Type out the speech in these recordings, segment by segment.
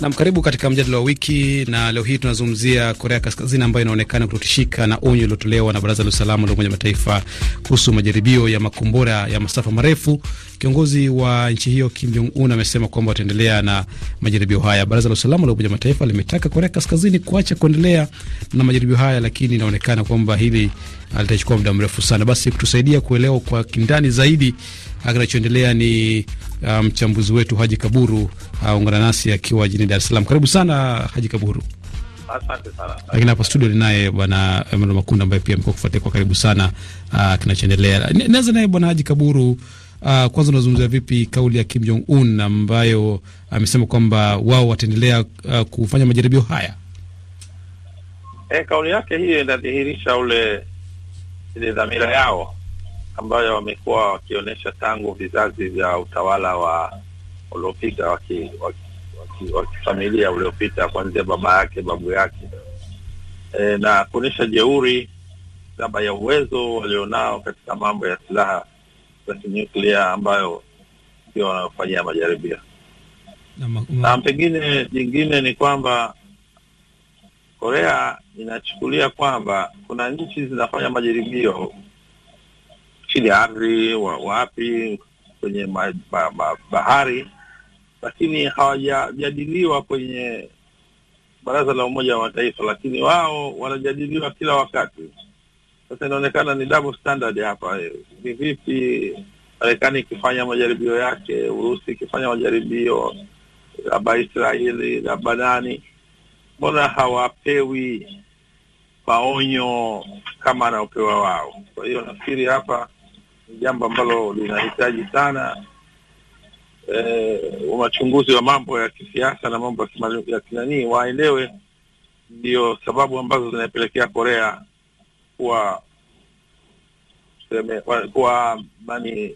Nam, karibu katika mjadala wa wiki, na leo hii tunazungumzia Korea Kaskazini ambayo inaonekana kutotishika na onyo iliotolewa na Baraza la Usalama la Umoja Mataifa kuhusu majaribio ya makombora ya masafa marefu Kiongozi wa nchi hiyo Kim Jong Un amesema kwamba wataendelea na majaribio haya. Baraza la usalama la Umoja wa Mataifa limetaka Korea Kaskazini kuacha kuendelea na majaribio haya, lakini inaonekana kwamba hili litachukua muda mrefu sana. Basi kutusaidia kuelewa kwa kindani zaidi ah, kinachoendelea ni ah, mchambuzi um, wetu Haji Kaburu. aungana ah, Uh, nasi akiwa jijini Dar es Salaam. Karibu sana Haji Kaburu. Asante sana. Lakini hapa studio ninaye bwana Emmanuel Makunda ambaye pia amekuwa kufuatia kwa karibu sana uh, kinachoendelea. Nianze naye bwana Haji Kaburu. Uh, kwanza unazungumzia vipi kauli ya Kim Jong Un ambayo amesema kwamba wao wataendelea uh, kufanya majaribio haya? E, kauli yake hiyo inadhihirisha ule ile dhamira yao ambayo wamekuwa wakionyesha tangu vizazi vya utawala wa uliopita wa waki, waki, waki uliopita kuanzia baba yake babu yake e, na kuonyesha jeuri labda ya uwezo walionao katika mambo ya silaha za kinyuklia ambayo ndio wanaofanyia majaribio na, na pengine jingine ni kwamba Korea inachukulia kwamba kuna nchi zinafanya majaribio chini ya ardhi, wapi, kwenye ma, ma, ma, bahari, lakini hawajajadiliwa kwenye Baraza la Umoja wa Mataifa, lakini wao wanajadiliwa kila wakati. Sasa inaonekana ni double standard hapa. Ni vipi Marekani ikifanya majaribio yake, Urusi ikifanya majaribio, labda Israeli, labda nani, mbona hawapewi maonyo kama anaopewa wao? Kwa hiyo nafikiri hapa ni jambo ambalo linahitaji sana e, eh, wachunguzi wa mambo ya kisiasa na mambo ya kinanii waelewe, ndio sababu ambazo zinaipelekea Korea kuwa kuwa nani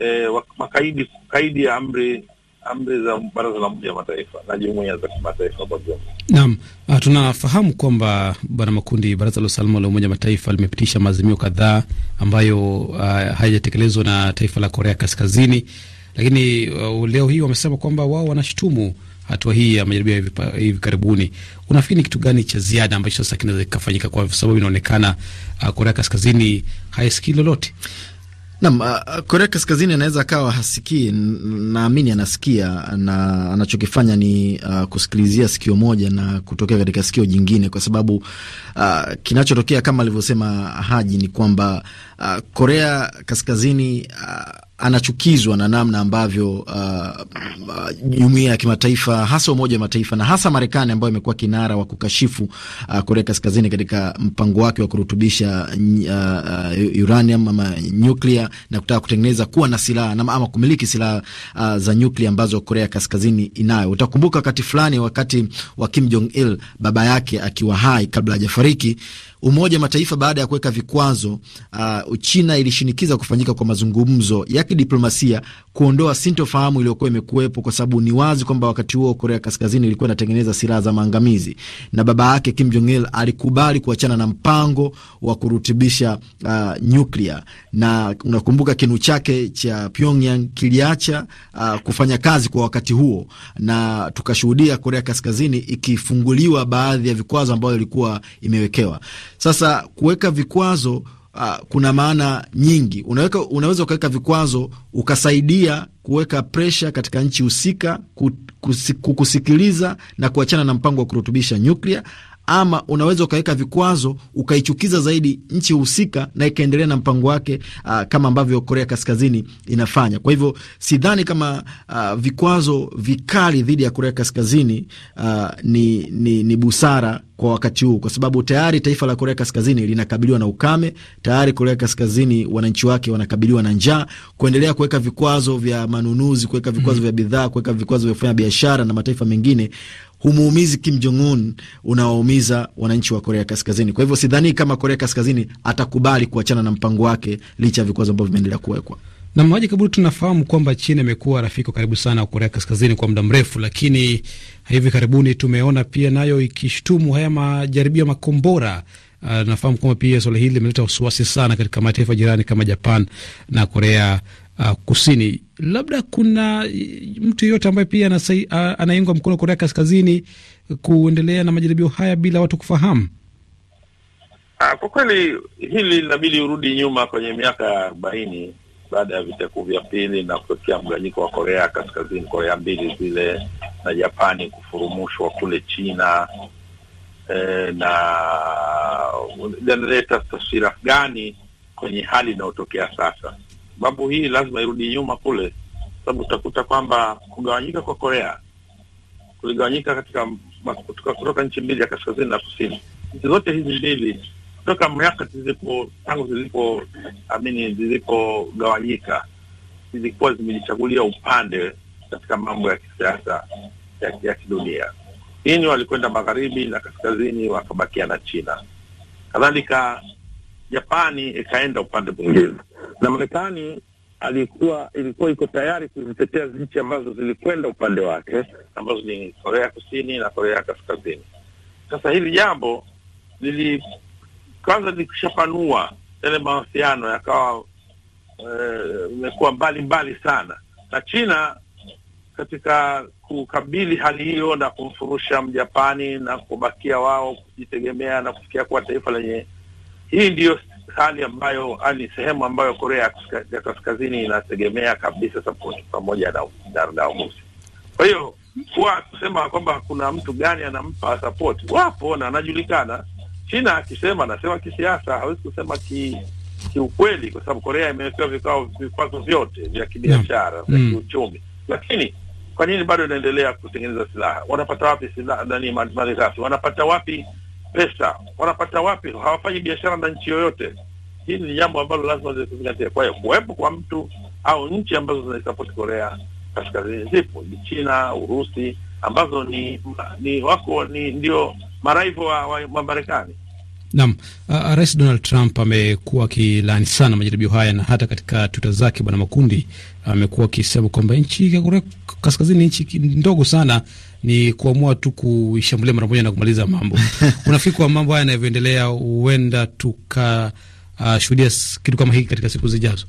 eh, makaidi kaidi ya amri amri za Baraza la Umoja wa Mataifa na jumuiya za kimataifa kwa jumla. Naam, ah, tunafahamu kwamba Bwana Makundi, Baraza la Usalama la Umoja wa Mataifa limepitisha maazimio kadhaa ambayo uh, hayajatekelezwa na taifa la Korea Kaskazini, lakini uh, leo hii wamesema kwamba wao wanashutumu hatua hii ya majaribio hivi, hivi karibuni, unafikiri ni kitu gani cha ziada ambacho sasa kinaweza kikafanyika, kwa sababu inaonekana uh, Korea Kaskazini haisikii lolote? Nam, uh, Korea Kaskazini anaweza akawa hasikii, naamini anasikia, na anachokifanya ni uh, kusikilizia sikio moja na kutokea katika sikio jingine, kwa sababu uh, kinachotokea kama alivyosema Haji ni kwamba uh, Korea Kaskazini uh, anachukizwa na namna ambavyo jumuia uh, uh ya kimataifa hasa Umoja wa Mataifa na hasa Marekani ambayo imekuwa kinara wa kukashifu uh, Korea Kaskazini katika mpango wake wa kurutubisha uh, uranium ama nyuklia na kutaka kutengeneza kuwa na silaha ama kumiliki silaha uh, za nyuklia ambazo Korea Kaskazini inayo. Utakumbuka wakati fulani, wakati wa Kim Jong Il baba yake akiwa hai kabla hajafariki Umoja wa Mataifa baada ya kuweka vikwazo uh, China ilishinikiza kufanyika kwa mazungumzo ya kidiplomasia kuondoa sintofahamu iliyokuwa imekuwepo, kwa sababu ni wazi kwamba wakati huo Korea Kaskazini ilikuwa inatengeneza silaha za maangamizi, na baba yake Kim Jong Il alikubali kuachana na mpango wa kurutubisha uh, nyuklia, na unakumbuka kinu chake cha Pyongyang kiliacha uh, kufanya kazi kwa wakati huo, na tukashuhudia Korea Kaskazini ikifunguliwa baadhi ya vikwazo ambayo ilikuwa imewekewa. Sasa kuweka vikwazo Uh, kuna maana nyingi. Unaweka, unaweza ukaweka vikwazo ukasaidia kuweka presha katika nchi husika kukusikiliza na kuachana na mpango wa kurutubisha nyuklia, ama unaweza ukaweka vikwazo ukaichukiza zaidi nchi husika na ikaendelea na mpango wake, uh, kama ambavyo Korea Kaskazini inafanya. Kwa hivyo sidhani kama uh, vikwazo vikali dhidi ya Korea Kaskazini uh, ni, ni, ni busara kwa wakati huu, kwa sababu tayari taifa la Korea Kaskazini linakabiliwa na ukame tayari. Korea Kaskazini wananchi wake wanakabiliwa na njaa. Kuendelea kuweka vikwazo vya manunuzi, kuweka vikwazo mm -hmm. vya bidhaa, kuweka vikwazo vya kufanya biashara na mataifa mengine humuumizi Kim Jong Un, unawaumiza wananchi wa Korea Kaskazini. Kwa hivyo sidhani kama Korea Kaskazini atakubali kuachana na mpango wake licha ya vikwazo ambavyo vimeendelea kuwekwa. Na maji tunafahamu kwamba China imekuwa rafiki wa karibu sana wa Korea Kaskazini kwa muda mrefu, lakini hivi karibuni tumeona pia nayo ikishutumu haya majaribio ya makombora. Uh, ah, nafahamu kwamba pia swala hili limeleta wasiwasi sana katika mataifa jirani kama Japan na Korea uh, kusini. Labda kuna eh, mtu yeyote ambaye pia uh, ah, anaingwa mkono Korea Kaskazini kuendelea na majaribio haya bila watu kufahamu? Ah, kwa kweli hili linabidi urudi nyuma kwenye miaka ya arobaini baada ya vita kuu vya pili na kutokea mganyiko wa Korea Kaskazini, Korea mbili zile na Japani kufurumushwa kule China eh, na linaleta taswira gani kwenye hali inayotokea sasa? mambo hii lazima irudi nyuma kule, sababu utakuta kwamba kugawanyika kwa Korea kuligawanyika katika kutoka nchi mbili ya kaskazini na kusini. Nchi zote hizi mbili kutoka miaka zilipo tangu zilipo amini zilipogawanyika zilikuwa zimejichagulia upande katika mambo ya kisiasa ya, ya kidunia. Chini walikwenda magharibi na kaskazini wakabakia na China, kadhalika Japani ikaenda upande mwingine na Marekani alikuwa ilikuwa iko tayari kuzitetea nchi ambazo zilikwenda upande wake ambazo ni Korea Kusini na Korea Kaskazini. Sasa hili jambo lili kwanza likishapanua yale mahusiano yakawa imekuwa eh, e, mbali mbali sana na China katika kukabili hali hiyo na kumfurusha Mjapani na kubakia wao kujitegemea na kufikia kuwa taifa lenye hii ndiyo hali ambayo ah, ni sehemu ambayo Korea ya Kaskazini inategemea kabisa sapoti pamoja na Damusi. Kwa hiyo kuwa kusema kwamba kuna mtu gani anampa sapoti, wapo na anajulikana. China akisema anasema kisiasa, hawezi kusema ki kiukweli, kwa sababu Korea imewekewa vikao vikwazo vyote vya kibiashara vya yeah. Hmm. kiuchumi, lakini kwa nini bado inaendelea kutengeneza silaha? Wanapata wapi silaha nani malighafi? Wanapata wapi pesa? Wanapata wapi? Hawafanyi biashara na nchi yoyote. Hili ni jambo ambalo lazima lizingatia. Kwa hiyo kuwepo kwa mtu au nchi ambazo zinaisapoti Korea Kaskazini zipo ni China, Urusi ambazo ni, ni wako ni ndio maraibu wa, wa, wa Marekani. Naam, uh, Rais Donald Trump amekuwa akilaani sana majaribio haya na hata katika tuta zake Bwana Makundi amekuwa akisema kwamba nchi ya Korea Kaskazini nchi ndogo sana, ni kuamua tu kuishambulia mara moja na kumaliza mambo. Unafikiri kwa mambo haya yanavyoendelea, huenda tuka uh, shuhudia kitu kama hiki katika siku zijazo?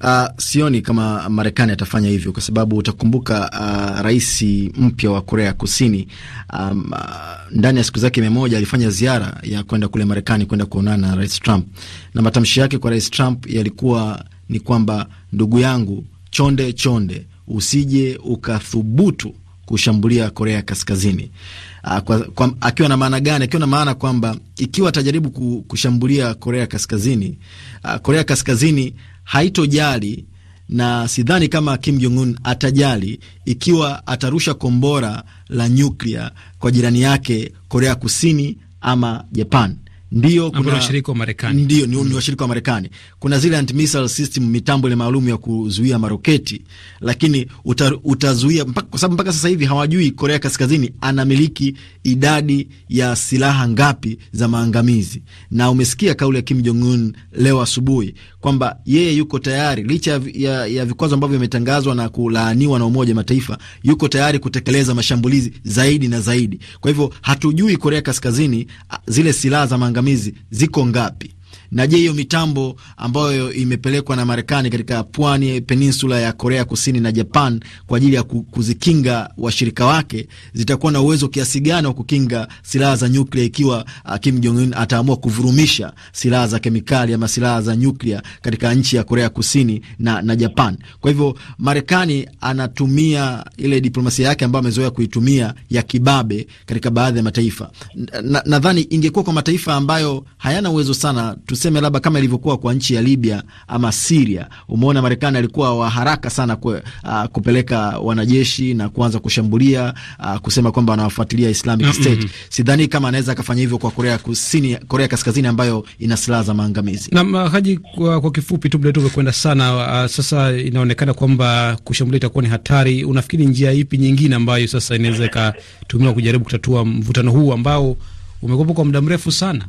Uh, sioni kama Marekani atafanya hivyo kwa sababu utakumbuka, uh, rais mpya wa Korea Kusini um, uh, ndani ya siku zake mia moja alifanya ziara ya kwenda kule Marekani kwenda kuonana na rais Trump, na matamshi yake kwa rais Trump yalikuwa ni kwamba ndugu yangu, chonde chonde, usije ukathubutu kushambulia Korea Kaskazini. Ah, kwa, kwa, akiwa na maana gani? Akiwa na maana kwamba ikiwa atajaribu kushambulia Korea Kaskazini, a, ah, Korea Kaskazini haitojali na sidhani kama Kim Jong Un atajali ikiwa atarusha kombora la nyuklia kwa jirani yake Korea Kusini ama Japan ndio kuna washirika wa Marekani, ndio ni washirika wa Marekani. Kuna zile anti-missile system, mitambo ile maalum ya kuzuia maroketi, lakini uta, utazuia mpaka, kwa sababu mpaka sasa hivi hawajui Korea Kaskazini anamiliki idadi ya silaha ngapi za maangamizi. Na umesikia kauli ya Kim Jong Un leo asubuhi kwamba yeye yuko tayari licha ya, ya, vikwazo ambavyo vimetangazwa na kulaaniwa na Umoja Mataifa, yuko tayari kutekeleza mashambulizi zaidi na zaidi. Kwa hivyo hatujui Korea Kaskazini zile silaha za maangamizi pingamizi ziko ngapi? Na je, hiyo mitambo ambayo imepelekwa na Marekani katika pwani peninsula ya Korea Kusini na Japan kwa ajili ya kuzikinga washirika wake zitakuwa na uwezo kiasi gani wa kukinga silaha za nyuklia ikiwa ah, Kim Jong Un ataamua kuvurumisha silaha za kemikali ama silaha za nyuklia katika nchi ya Korea Kusini na, na Japan. Kwa hivyo Marekani anatumia ile diplomasia yake ambayo amezoea kuitumia ya kibabe katika baadhi ya mataifa. Nadhani na, ingekuwa kwa mataifa ambayo hayana uwezo sana tuse tuseme labda kama ilivyokuwa kwa nchi ya Libya ama Siria. umeona Marekani alikuwa wa haraka sana kwe, uh, kupeleka wanajeshi na kuanza kushambulia uh, kusema kwamba anawafuatilia Islamic State. Mm -hmm. Sidhani kama anaweza akafanya hivyo kwa Korea Kusini, Korea Kaskazini ambayo ina silaha za maangamizi. Na uh, haji kwa, kwa kifupi tu bila umekwenda sana uh, sasa inaonekana kwamba kushambulia itakuwa ni hatari. Unafikiri njia ipi nyingine ambayo sasa inaweza ikatumiwa kujaribu kutatua mvutano huu ambao umekuwepo kwa muda mrefu sana?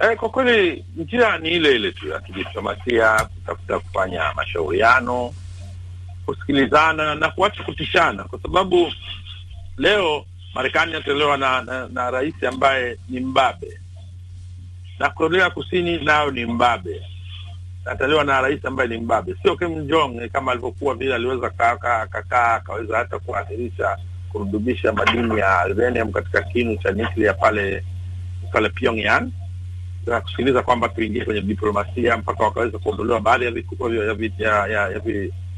Eh, kwa kweli njia ni ile ile tu ya kidiplomasia, kutafuta kufanya mashauriano, kusikilizana na kuacha kutishana, kwa sababu leo Marekani inatolewa na, na, na rais ambaye ni mbabe na Korea Kusini nayo ni mbabe, natolewa na rais ambaye ni mbabe, sio Kim Jong kama alivyokuwa vile, aliweza kakaa akaweza hata kuathirisha kurudubisha madini ya uranium katika kinu cha nyuklia pale pale Pyongyang na kusikiliza kwamba tuingie kwenye diplomasia mpaka wakaweza kuondolewa baadhi ya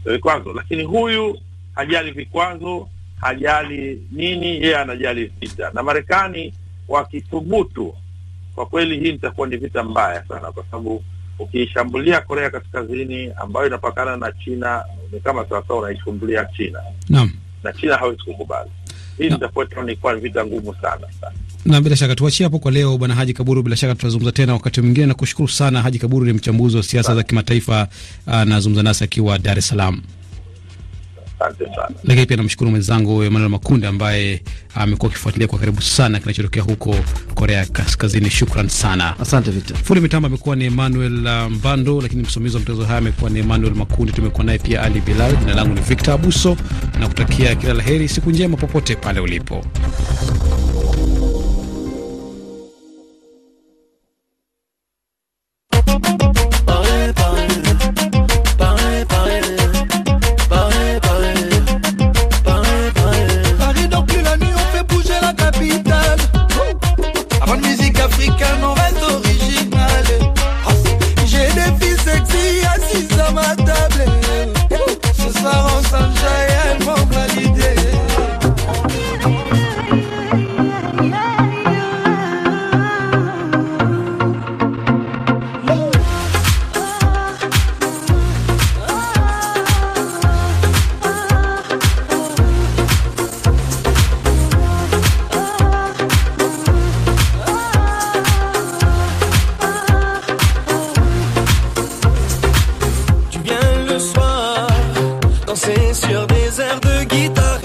vikwazo, lakini huyu hajali vikwazo, hajali nini, yeye anajali vita. Na Marekani wakithubutu, kwa kweli hii itakuwa ni vita mbaya sana, kwa sababu ukiishambulia Korea Kaskazini ambayo inapakana na China ni kama sawasawa unaishambulia China, na China hawezi kukubali hii itakuwa kwa vita ngumu sana sana na bila shaka tuachie hapo kwa leo, Bwana Haji Kaburu. Bila shaka tutazungumza tena wakati mwingine, na kushukuru sana. Haji Kaburu ni mchambuzi wa siasa za kimataifa, anazungumza nasi akiwa Dar es Salaam. Asante sana. Lakini pia namshukuru mwenzangu Emmanuel Makunde ambaye ah, amekuwa akifuatilia kwa karibu sana kinachotokea huko Korea Kaskazini. Shukran sana, asante Victor. Fundi mitambo amekuwa ni Emmanuel ah, Mbando, lakini msimamizi wa mtezo haya amekuwa ni Emmanuel Makundi. Tumekuwa naye pia Ali Bilal. Jina langu ni Victor Abuso na kutakia kila laheri, siku njema popote pale ulipo. C'est sur des airs de guitare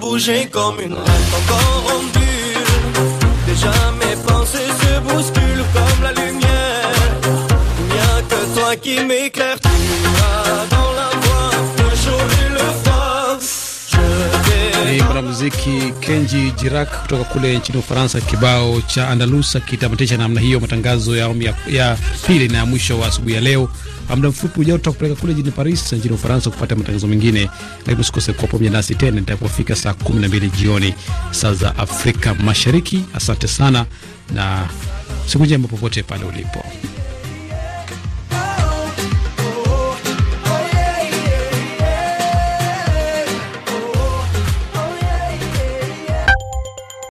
bouger comme une rêve encore en Déjà mes pensées se bousculent comme la lumière. Il n'y a que toi qui m'éclaire Kenji Jirak kutoka kule nchini Ufaransa. Kibao cha Andalusa kitamatisha namna hiyo matangazo ya awamu ya pili na ya mwisho wa asubuhi ya leo. Muda mfupi ujao tutakupeleka kule jijini Paris nchini Ufaransa kupata matangazo mengine, lakini usikose kuwa pamoja nasi tena nitakapofika saa mbili jioni saa za Afrika Mashariki. Asante sana na siku njema popote pale ulipo.